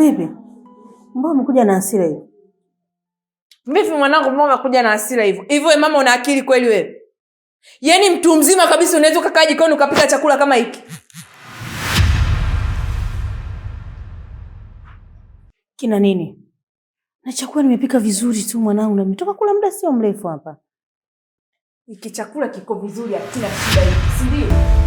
Vipi? Mbona umekuja na hasira hiyo? Vipi mwanangu, mbona umekuja na hasira hivyo? Hivyo mama, una akili kweli wewe? Yaani mtu mzima kabisa unaweza ukakaa jikoni ukapika chakula kama hiki? Kina nini? Na chakula nimepika vizuri tu mwanangu, na nimetoka kula muda sio mrefu hapa. Iki chakula kiko vizuri, hakuna shida hii, si ndio?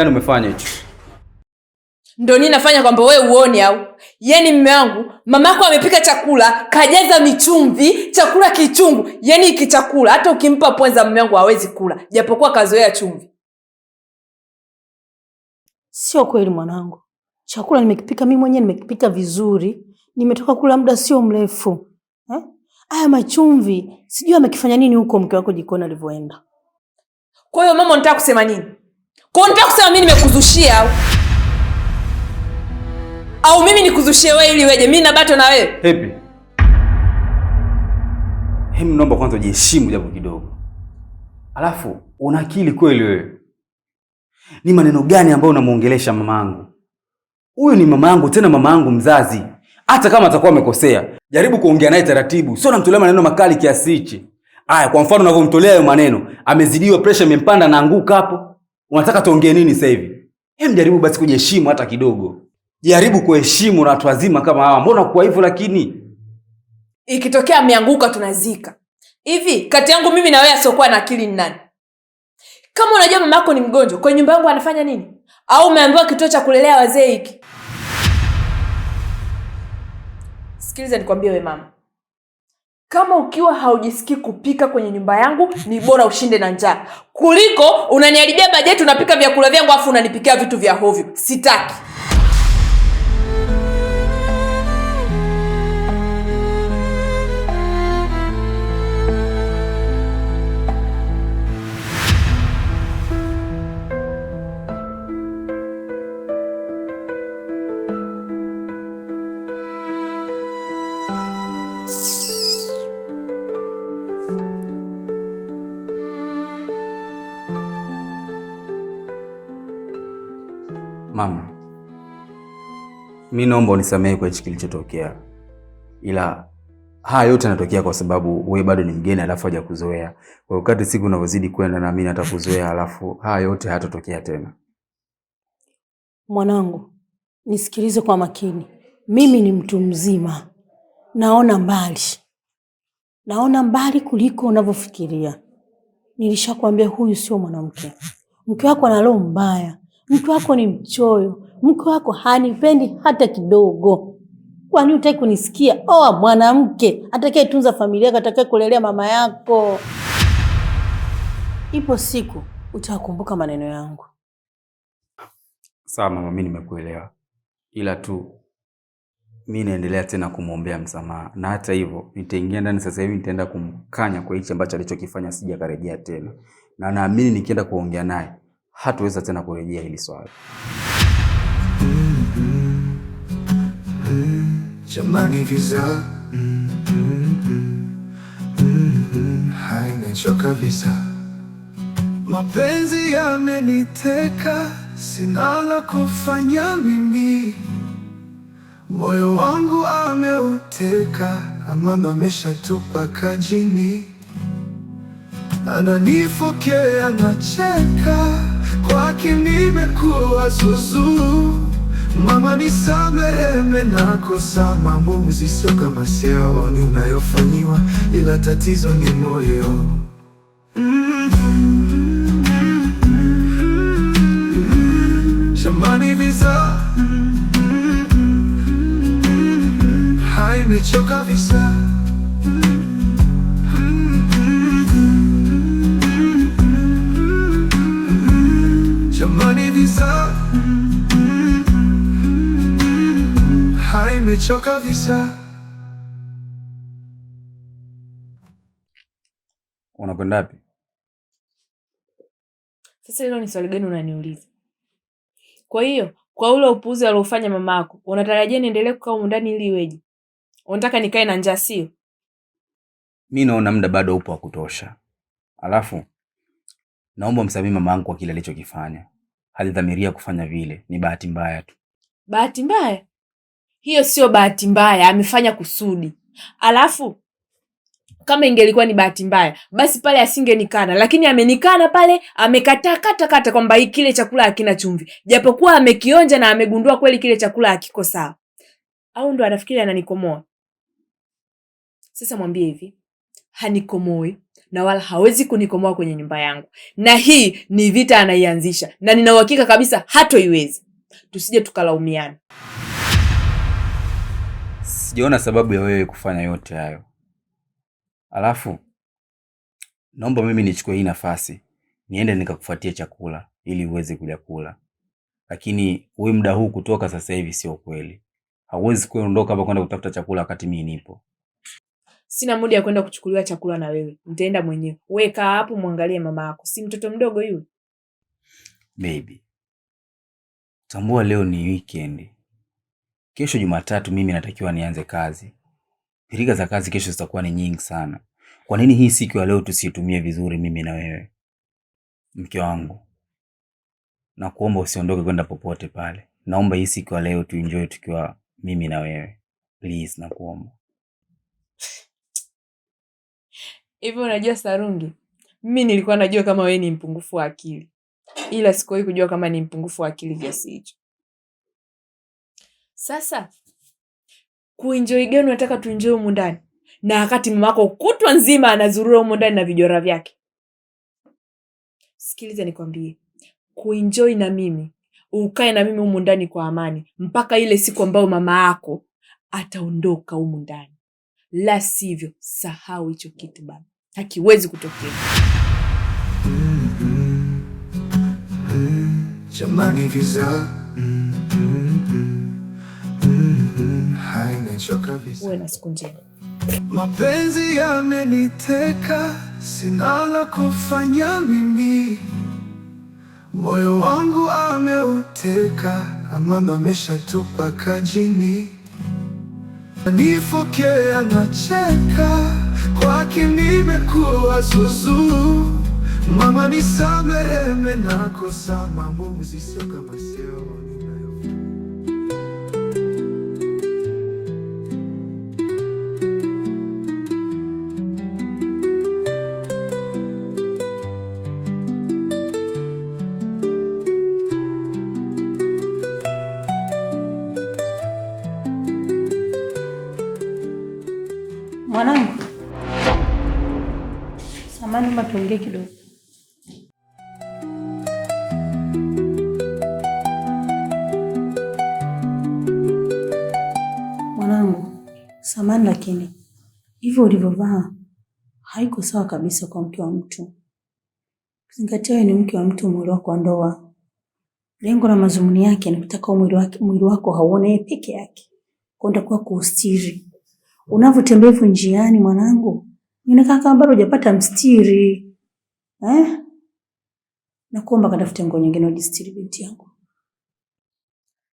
gani umefanya hicho? Ndio nini nafanya kwamba wewe uone au? Yaani mume wangu, mamako amepika chakula, kajaza michumvi, chakula kichungu. Yaani iki chakula hata ukimpa pwenza mume wangu hawezi kula, japokuwa kazoea chumvi. Sio kweli mwanangu. Chakula nimekipika mimi mwenyewe, nimekipika vizuri. Nimetoka kula muda sio mrefu. Eh? Aya machumvi, sijui amekifanya nini huko mke wako jikoni alivyoenda. Kwa hiyo mama, nataka kusema nini? Kwa hiyo nataka kusema mimi nimekuzushia au mimi nikuzushie wewe ili weje? Mimi nabato na wewe. Hebi. Hem, naomba kwanza ujiheshimu japo kidogo. Alafu una akili kweli wewe? Ni maneno gani ambayo unamuongelesha mamangu? Huyu ni mamangu tena yangu mzazi. Hata kama atakuwa amekosea, jaribu kuongea naye taratibu. Sio namtolea maneno makali kiasi hichi. Aya, kwa mfano unavyomtolea hayo maneno, amezidiwa, pressure imempanda na anguka hapo. Unataka tuongee nini sasa hivi? Hem, jaribu basi kujiheshimu hata kidogo, jaribu kuheshimu na watu wazima kama hawa. Mbona kuwa hivyo? Lakini ikitokea ameanguka tunazika hivi. Kati yangu mimi na wewe asiokuwa na akili ni nani? Kama unajua mama yako ni mgonjwa, kwenye nyumba yangu anafanya nini? Au umeambiwa kituo cha kulelea wazee hiki? Sikiliza nikwambie, we mama kama ukiwa haujisikii kupika kwenye nyumba yangu, ni bora ushinde na njaa kuliko unaniharibia bajeti, unapika vyakula vyangu afu unanipikia vitu vya hovyo. Sitaki. mi naomba unisamehe kwa hichi kilichotokea, ila haya yote yanatokea kwa sababu wewe bado ni mgeni, alafu hajakuzoea. Kwa hiyo kadri siku unavyozidi kwenda, naamini natakuzoea, alafu haya yote hayatatokea tena. Mwanangu, nisikilize kwa makini, mimi ni mtu mzima, naona mbali, naona mbali kuliko unavyofikiria. Nilishakwambia huyu sio mwanamke. Mke wako ana roho mbaya, mke wako ni mchoyo mke wako hanipendi hata kidogo. Kwani utaki kunisikia? Oa mwanamke atakayetunza familia yako, atakaye kulelea mama yako. Ipo siku utakumbuka maneno yangu. Sawa mama, mi nimekuelewa, ila tu mi naendelea tena kumwombea msamaha, na hata hivyo nitaingia ndani sasa hivi, nitaenda kumkanya kwa hichi ambacho alichokifanya, sija karejea tena, na naamini nikienda kuongea naye hataweza tena kurejea hili swala. Jamani giza hainechoka visa, mapenzi yameniteka, sina la kufanya mimi, moyo wangu ameuteka, amani ameshatupa kajini, ananifokea, anacheka, kwake nimekuwa zuzu Mama nisamehe, menakosa maamuzi sio kama siaoni unayofanyiwa, ila tatizo ni moyo shambani visa haimechoka visa shambani visa nimechoka visa. Unakwenda wapi sasa? Hilo ni swali gani unaniuliza? Kwa hiyo kwa ule upuuzi aliofanya mama yako, unatarajia niendelee kukaa humu ndani ili iweje? Unataka nikae na njaa, sio? Mi naona muda bado upo wa kutosha, alafu naomba msamii mama yangu kwa kile alichokifanya. Alidhamiria kufanya vile, ni bahati mbaya tu. Bahati mbaya? hiyo sio bahati mbaya, amefanya kusudi. Alafu kama ingelikuwa ni bahati mbaya, basi pale asingenikana, lakini amenikana pale, amekataa kata kata kwamba kile chakula hakina chumvi, japokuwa amekionja na amegundua kweli kile chakula hakiko sawa. Au ndo anafikiri ananikomoa? Sasa mwambie hivi, hanikomoi na wala hawezi kunikomoa kwenye nyumba yangu, na hii ni vita anaianzisha, na nina uhakika kabisa hatoiwezi. Tusije tukalaumiana sijaona sababu ya wewe kufanya yote hayo. Alafu naomba mimi nichukue hii nafasi niende nikakufuatia chakula ili uweze kuja kula, lakini wewe muda huu kutoka sasa hivi sio kweli. Hauwezi kuondoka hapa kwenda kutafuta chakula wakati mimi nipo. Sina muda ya kwenda kuchukuliwa chakula na wewe, nitaenda mwenyewe. Wewe kaa hapo, mwangalie mama yako, si mtoto mdogo yule. Baby, tambua leo ni weekend Kesho Jumatatu mimi natakiwa nianze kazi. Pirika za kazi kesho zitakuwa ni nyingi sana. Kwa nini hii siku ya leo tusiitumie vizuri mimi na wewe? Mke wangu, nakuomba usiondoke kwenda popote pale. Naomba hii siku ya leo tuenjoy tukiwa mimi na wewe. Please nakuomba. Hivyo unajua Sarungi, mimi nilikuwa najua kama wewe ni mpungufu wa akili, ila sikuwahi kujua kama ni mpungufu wa akili kiasi hicho. Sasa kuenjoy gani? Unataka tuenjoy humu ndani, na wakati mama yako kutwa nzima anazurura humu ndani na vijora vyake. Sikiliza nikwambie, kuenjoy na mimi ukae na mimi humu ndani kwa amani mpaka ile siku ambayo mama yako ataondoka humu ndani, la sivyo sahau hicho kitu baba, hakiwezi kutokea. mm -hmm. mm -hmm. Jamani, kiza Uwe na siku njema. Mapenzi yameniteka, sina la kufanya mimi, moyo wangu ameuteka, amama ameshatupa kajini. Nifuke anacheka, kwake nimekuwa zuzu. Mama nisamehe, menakosa maamuzi sio kama sio tuangalie kidogo. Mwanangu, samani lakini hivyo ulivyovaa haiko sawa kabisa kwa mke wa mtu. Zingatia wewe ni mke wa mtu, mwili wako wa ndoa, lengo la mazumuni yake ni kutaka mwili wako hauone yeye peke yake, kwenda kuwa kuustiri unavyotembea hivyo njiani. Mwanangu, inakaa kama bado hujapata mstiri. Eh? Nakuomba katafute nguo nyingine udistiri binti yangu.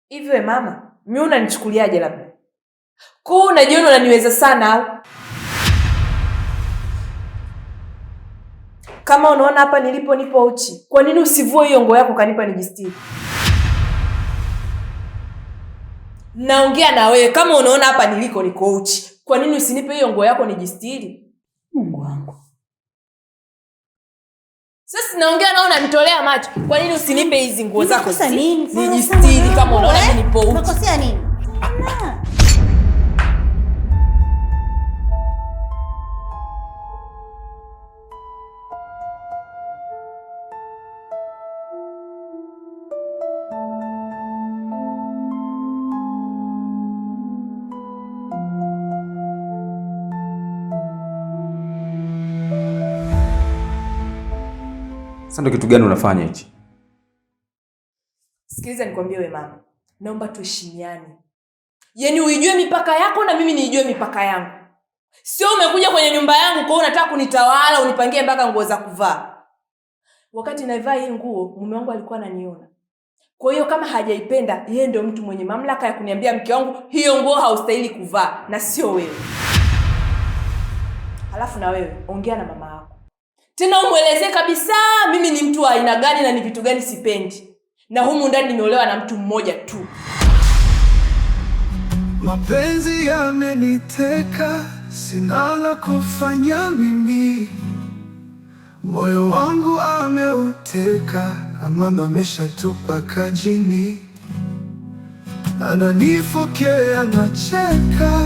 Hivyo we eh, mama, mimi unanichukuliaje labda? Kuu unajiona unaniweza sana au? Kama unaona hapa nilipo nipo uchi, kwa nini usivue hiyo nguo yako kanipa nijistiri? Naongea na wewe, kama unaona hapa niliko niko uchi, kwa nini usinipe hiyo nguo yako nijistiri? sasa naongea na unanitolea macho. Kwa nini usinipe hizi nguo zako nijistiri kama unaona eh? nipo huko? nini? Sasa ndio kitu gani unafanya hichi? Sikiliza nikwambie, wewe mama, naomba tuheshimiane, yaani uijue mipaka yako na mimi niijue mipaka yangu. Sio umekuja kwenye nyumba yangu kwa unataka kunitawala, unipangie mpaka nguo za kuvaa. Wakati naivaa hii nguo mume wangu alikuwa ananiona. Kwa hiyo kama hajaipenda yeye, ndio mtu mwenye mamlaka ya kuniambia mke wangu, hiyo nguo haustahili kuvaa na sio wewe. Halafu na wewe ongea na mama yako tena umwelezee kabisa mimi ni mtu wa aina gani na ni vitu gani sipendi, na humu ndani nimeolewa na mtu mmoja tu. Mapenzi yameniteka, sina la kufanya mimi, moyo wangu ameuteka, amama ameshatupa kajini, ananifokea, anacheka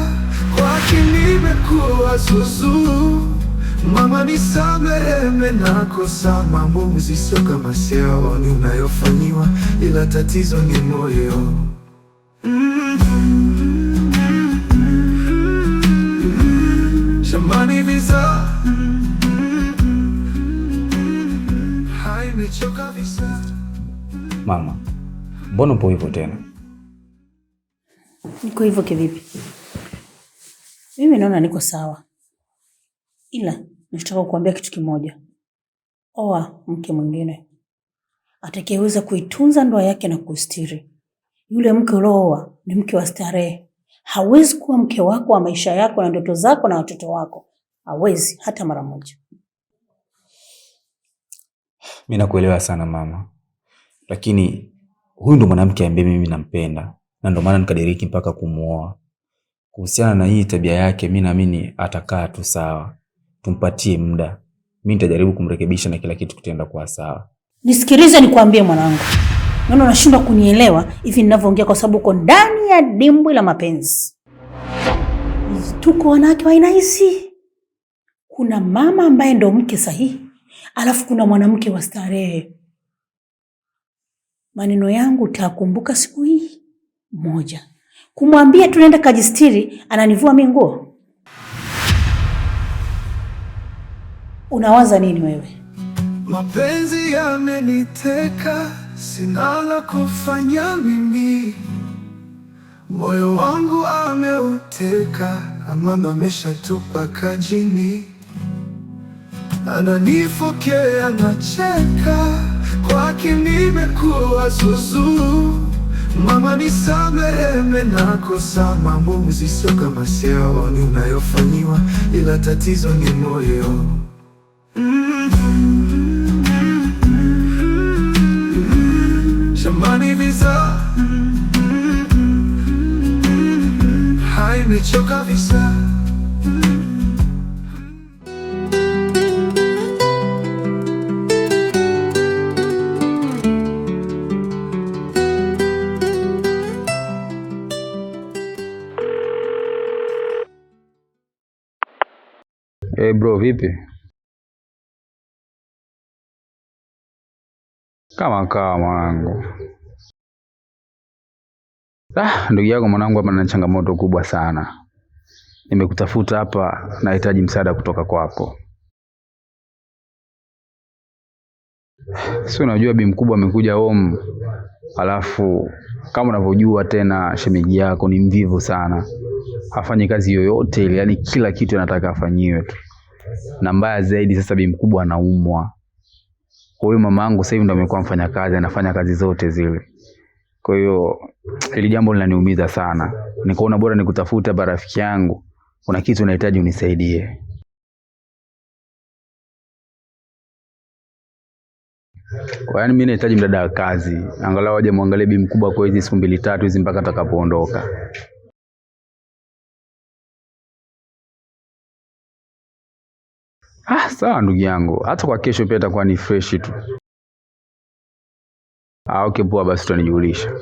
kwake, nimekuwa zuzu Mama nisamehe, menakosa. Maamuzi sio kama siaoni unayofanyiwa, ila tatizo ni moyo. Shambani visa haimechoka visa. Mama, mbona upo hivyo tena? Niko hivyo kivipi? Mimi naona niko sawa, ila Nataka kukuambia kitu kimoja, oa mke mwingine atakayeweza kuitunza ndoa yake na kustiri. Yule mke ulooa ni mke wa starehe, hawezi kuwa mke wako wa maisha yako na ndoto zako na watoto wako, hawezi hata mara moja. Mimi nakuelewa sana mama, lakini huyu ndo mwanamke ambaye mimi nampenda na ndo maana nikadiriki mpaka kumuoa. Kuhusiana na hii tabia yake, mimi naamini atakaa tu sawa, tumpatie muda. Mimi nitajaribu kumrekebisha na kila kitu kitaenda kwa sawa. Nisikilize nikwambie, mwanangu, naona unashindwa kunielewa hivi ninavyoongea, kwa sababu uko ndani ya dimbwi la mapenzi. Tuko wanawake wa aina hizi, kuna mama ambaye ndo mke sahihi, alafu kuna mwanamke wa starehe. Maneno yangu utakumbuka siku hii moja, kumwambia tunaenda kajistiri, ananivua mi nguo Unawaza nini wewe? Mapenzi yameniteka, sina la kufanya mimi, moyo wangu ameuteka, amama ameshatupa kajini, ananifokea, anacheka, kwake nimekuwa zuzu. Mama nisamehe, menakosa maamuzi sio kama siaoni unayofanyiwa, ila tatizo ni moyo shambani visa haimechoka visa Hey eh, bro, vipi? Kama kama mwanangu. Ah, ndugu yako mwanangu hapa na changamoto kubwa sana. Nimekutafuta hapa nahitaji msaada kutoka kwako. Si unajua bi mkubwa amekuja home. Alafu kama unavyojua tena shemeji yako ni mvivu sana. Hafanyi kazi yoyote ile, yani kila kitu anataka afanyiwe tu. Na mbaya zaidi sasa bi mkubwa anaumwa. Kwa hiyo angu sasa hivi ndo amekuwa mfanyakazi, anafanya kazi zote zile. Kwa hiyo hili jambo linaniumiza sana, nikaona bora nikutafuta ba rafiki yangu, kuna kitu nahitaji unisaidie. Kwa mi yaani mimi nahitaji mdada wa kazi, angalau aje muangalie bi mkubwa kwa hizi siku mbili tatu hizi mpaka atakapoondoka. Ah, sawa ndugu yangu, hata kwa kesho pia itakuwa ni fresh tu. Ah, okay poa, basi utanijulisha.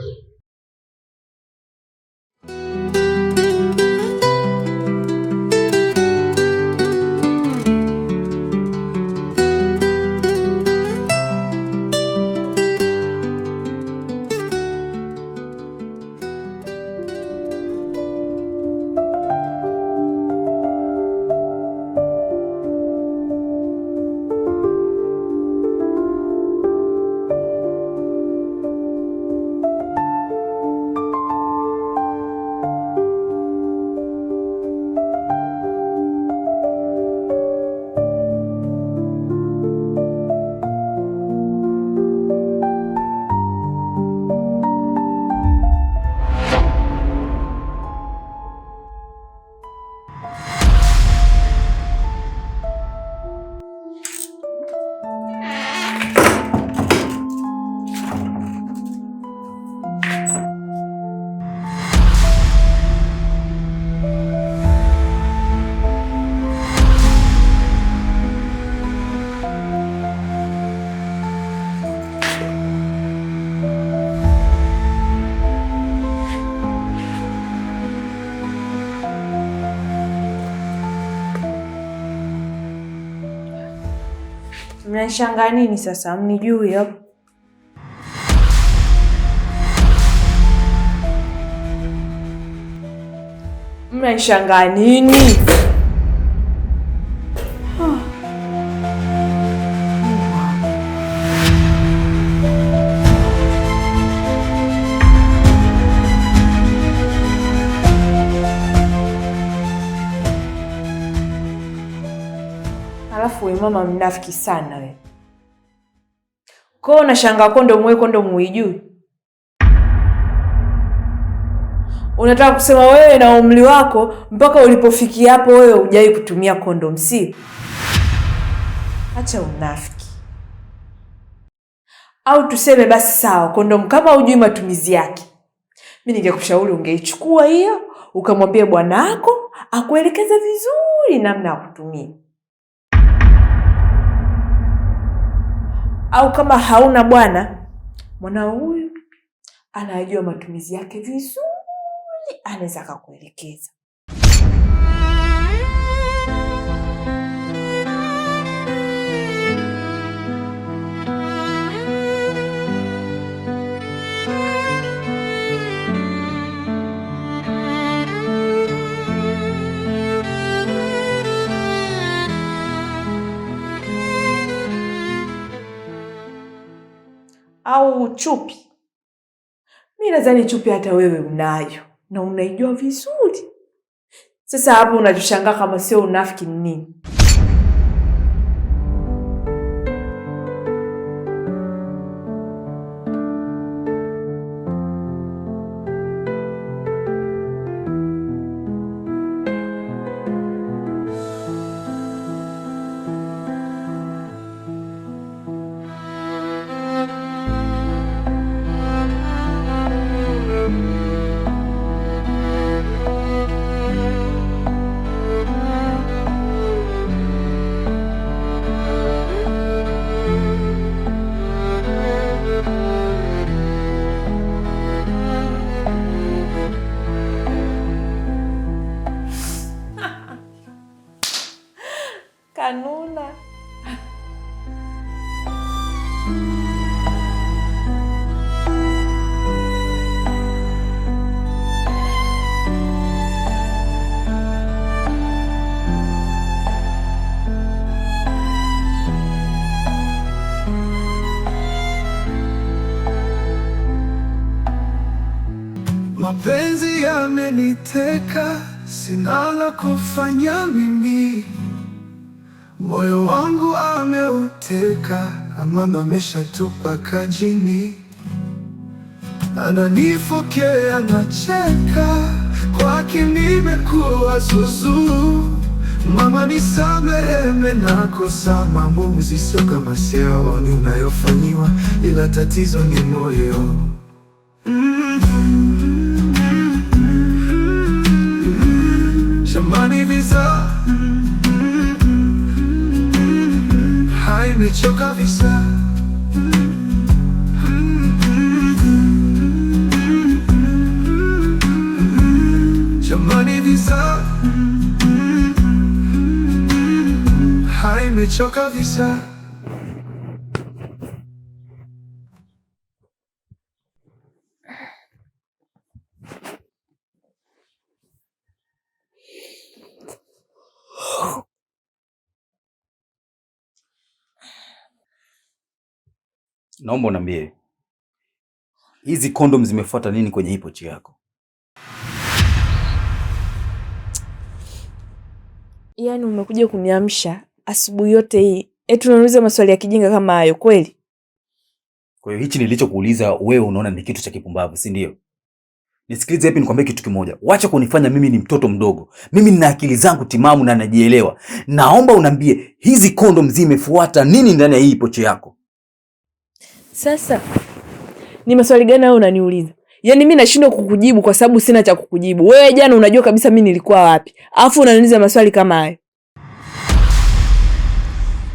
mnanishanga nini sasa? Mnijui hapo? Mnanishangaa nini? kama mnafiki sana we. Koo na shanga kondo mwe kondo Unataka kusema wewe na umri wako mpaka ulipofikia hapo wewe ujai kutumia kondom, si? Acha unafiki. Au tuseme basi sawa, kondom kama hujui matumizi yake. Mimi ningekushauri ungeichukua hiyo, ukamwambia bwanako akuelekeza vizuri namna ya kutumia. au kama hauna bwana, mwanao huyu anayajua matumizi yake vizuri, anaweza akakuelekeza. au chupi? Mi nadhani chupi hata wewe unayo na unaijua vizuri. Sasa hapo unajishangaa kama sio unafiki nini? Mapenzi yameniteka, sina la kufanya mimi. Moyo wangu ameuteka, amama ameshatupa kajini. Ananifokea, anacheka, kwake nimekuwa zuzu. Mama nisamehe, kosa, maamuzi, sio kama siaoni unayofanyiwa, ila tatizo ni moyo mm. kabisa, haimechoka kabisa, jamani visa, haimechoka kabisa Naomba unaambie hizi kondom zimefuata nini kwenye hii pochi yako? Yaani umekuja kuniamsha asubuhi yote hii eti unauliza maswali ya kijinga kama hayo kweli? Kwa hiyo hichi nilichokuuliza wewe unaona ni kitu cha kipumbavu, si ndio? Nisikilize hepi nikwambie kitu kimoja. Wacha kunifanya mimi ni mtoto mdogo. Mimi nina akili zangu timamu na najielewa. Naomba unambie hizi kondom zimefuata nini ndani ya hii pochi yako? Sasa ni maswali gani wewe unaniuliza? Yaani mimi nashindwa kukujibu kwa sababu sina cha kukujibu. Wewe jana unajua kabisa mimi nilikuwa wapi, alafu unaniuliza maswali kama hayo.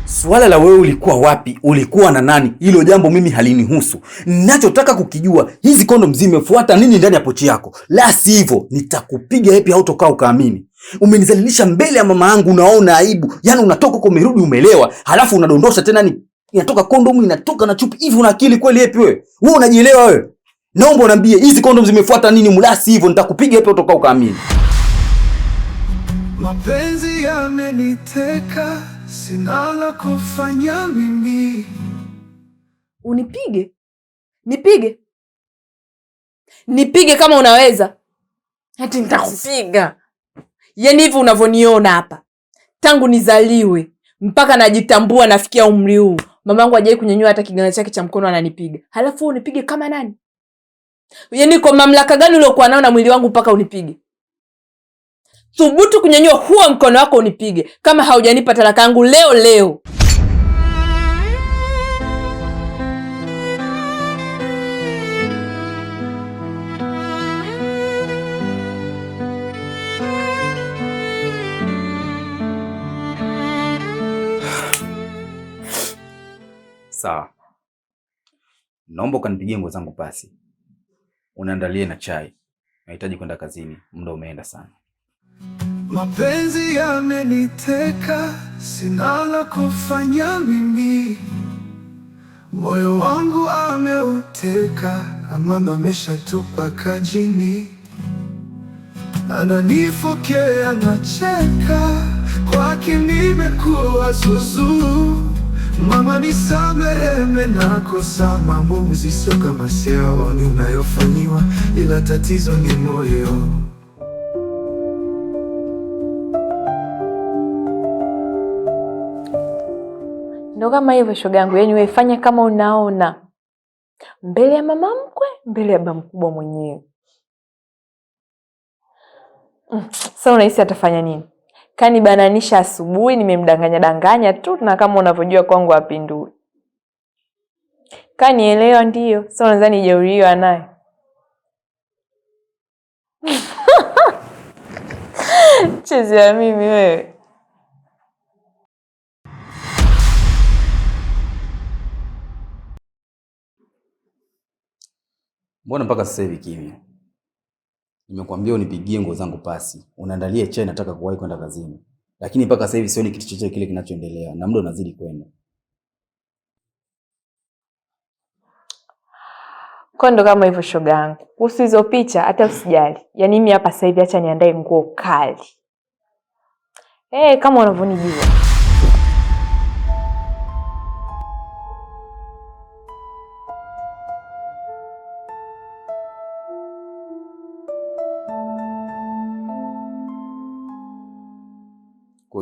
Swala la wewe ulikuwa wapi, ulikuwa na nani, hilo jambo mimi halinihusu. Ninachotaka kukijua hizi kondom zimefuata nini ndani ya pochi yako, la sivyo nitakupiga au hautokaa ukaamini. Umenizalilisha mbele ya mama yangu, unaona aibu? Yaani unatoka huko umerudi umelewa, halafu unadondosha tena ni inatoka kondomu inatoka na chupi hivi. Una akili kweli epi wewe? Wewe unajielewa wewe? Naomba unaambie hizi kondomu zimefuata nini? Mlasi hivyo nitakupiga epi utoka ukaamini. Mapenzi yameniteka, sina la kufanya mimi. Unipige? Nipige? Nipige kama unaweza. Hati nitakupiga. yani hivi unavyoniona hapa, tangu nizaliwe mpaka najitambua, nafikia umri huu, mamangu hajai kunyanyua hata kiganja chake cha mkono ananipiga, halafu unipige kama nani? Yaani kwa mamlaka gani uliokuwa nao na mwili wangu mpaka unipige? Thubutu kunyanyua huo mkono wako unipige, kama haujanipa talaka yangu leo leo. Sawa, naomba ukanipigie nguo zangu pasi, unaandalie na chai, nahitaji kwenda kazini, muda umeenda sana. Mapenzi yameniteka, sina la kufanya mimi, moyo wangu ameuteka, amana ameshatupa kajini, ananifokea, anacheka, kwake nimekuwa zuzuu Mama, nisamehe nimekosa, maamuzi sio kama siaoni unayofanyiwa, ila tatizo ni moyo. Ndo kama hivyo shoga yangu, yaani kama unaona, mbele ya mama mkwe, mbele ya baba mkubwa mwenyewe. Mm, sasa unahisi atafanya nini? kanibananisha asubuhi, nimemdanganya danganya tu, na kama unavyojua kwangu apindui. Kanielewa ndiyo, so nadhani jeuriwa naye chezea mimi wewe. Mbona mpaka sasa hivi kimya? Nimekwambia unipigie nguo zangu pasi, unaandalie chai, nataka kuwahi kwenda kazini, lakini mpaka sasa hivi sioni kitu chochote kile kinachoendelea, na muda unazidi kwenda. kondo kama hivyo, shoga yangu, kuhusu hizo picha hata usijali. Yaani mimi hapa sasa hivi, acha niandae nguo kali. Hey, eh, kama unavyonijua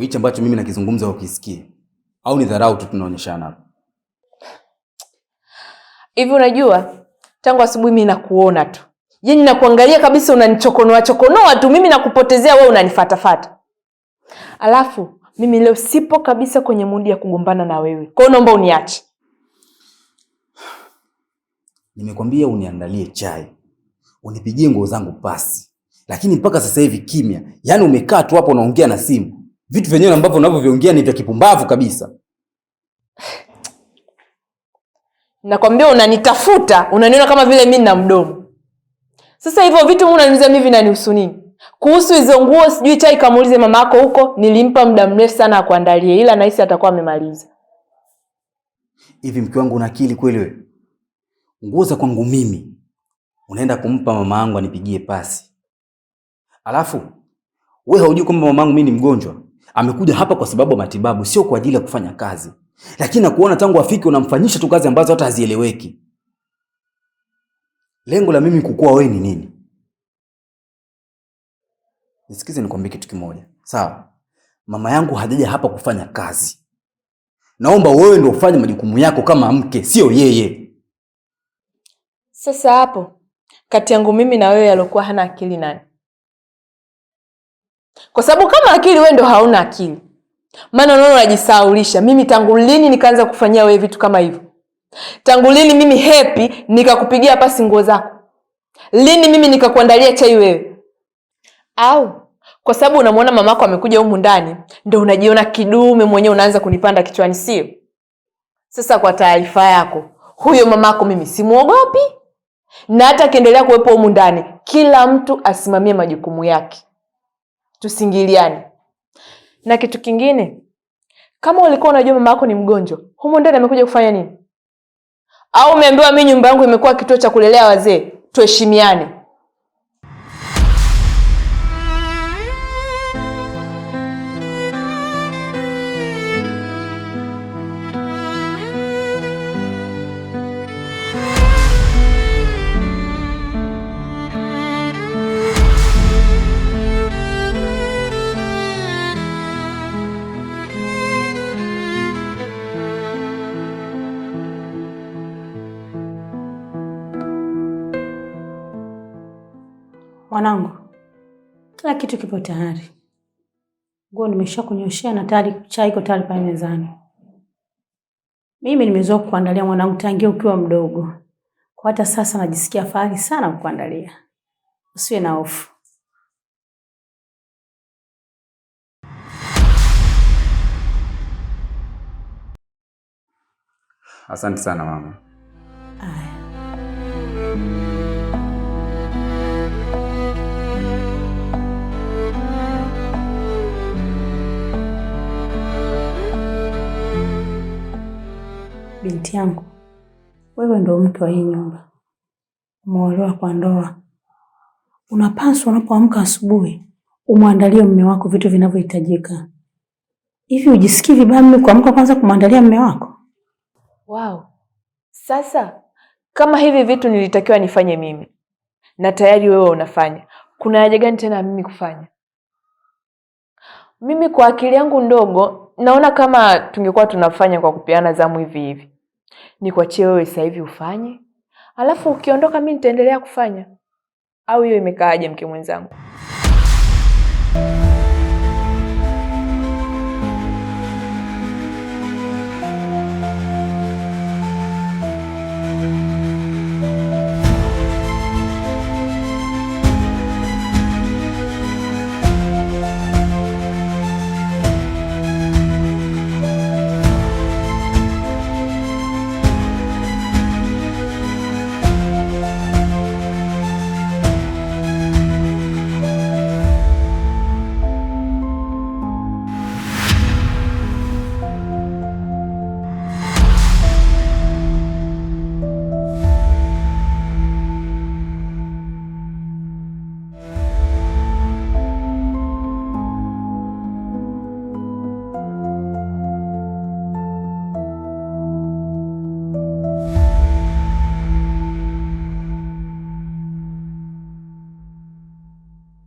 hichi ambacho mimi nakizungumza ukisikie, au ni dharau tu tunaonyeshana hapa hivi? Unajua, tangu asubuhi mimi nakuona tu, yaani nakuangalia kabisa, unanichokonoa chokonoa tu, mimi nakupotezea, wewe unanifatafata. Alafu mimi leo sipo kabisa kwenye mudi ya kugombana na wewe, kwa hiyo naomba uniache. Nimekwambia uniandalie chai, unipigie nguo zangu pasi, lakini mpaka sasa hivi kimya. yani umekaa tu hapo unaongea na simu vitu vyenyewe ambavyo unavyoviongea ni vya kipumbavu kabisa. Nakwambia unanitafuta, unaniona kama vile mi na mdomo. Sasa hivyo vitu unaniuliza mimi vinanihusu nini? Kuhusu hizo nguo, sijui chai kamuulize mama yako huko, nilimpa muda mrefu sana akuandalie, ila nahisi atakuwa amemaliza. Hivi mke wangu, una akili kweli wewe? Nguo za kwangu mimi unaenda kumpa mama yangu anipigie pasi, alafu we haujui kwamba mama yangu mimi ni mgonjwa? amekuja hapa kwa sababu ya matibabu, sio kwa ajili ya kufanya kazi. Lakini nakuona tangu afike unamfanyisha tu kazi ambazo hata hazieleweki. Lengo la mimi kukuwa wewe ni nini? Nisikize nikwambie kitu kimoja, sawa? Mama yangu hajaja hapa kufanya kazi. Naomba wewe ndio ufanye majukumu yako kama mke, sio yeye. Sasa hapo kati yangu mimi na wewe aliokuwa hana akili nani? kwa sababu kama akili wewe ndo hauna akili, maana unaona unajisaulisha. Mimi tangu lini nikaanza kufanyia wewe vitu kama hivyo? Tangu lini mimi hepi nikakupigia pasi nguo zako? Lini mimi nikakuandalia chai wewe? Au kwa sababu unamwona mamako amekuja humu ndani, ndo unajiona kidume mwenyewe, unaanza kunipanda kichwani, sio? Sasa kwa taarifa yako, huyo mamako mimi simwogopi, na hata akiendelea kuwepo humu ndani, kila mtu asimamie majukumu yake tusingiliane. Na kitu kingine, kama ulikuwa unajua mama yako ni mgonjwa, humu ndani amekuja kufanya nini? Au umeambiwa mimi nyumba yangu imekuwa kituo cha kulelea wazee, tuheshimiane. Mwanangu, kila kitu kipo tayari, nguo nimesha kunyoshea na tayari chai iko tayari pale mezani. Mimi nimezoea kukuandalia mwanangu tangia ukiwa mdogo, kwa hata sasa najisikia fahari sana kukuandalia. Usiwe na hofu. Asante sana mama. Aya. binti yangu, wewe ndio mke wa hii nyumba, umeolewa kwa ndoa. Unapaswa unapoamka asubuhi umwandalie mume wako vitu vinavyohitajika. Hivi ujisikii vibaya mimi kuamka kwanza kumwandalia mume wako? Wow. Sasa kama hivi vitu nilitakiwa nifanye mimi na tayari wewe unafanya, kuna haja gani tena mimi kufanya? Mimi kwa akili yangu ndogo naona kama tungekuwa tunafanya kwa kupeana zamu hivi hivi, nikuachie wewe sasa hivi ufanye, alafu ukiondoka mi nitaendelea kufanya, au hiyo imekaaje mke mwenzangu?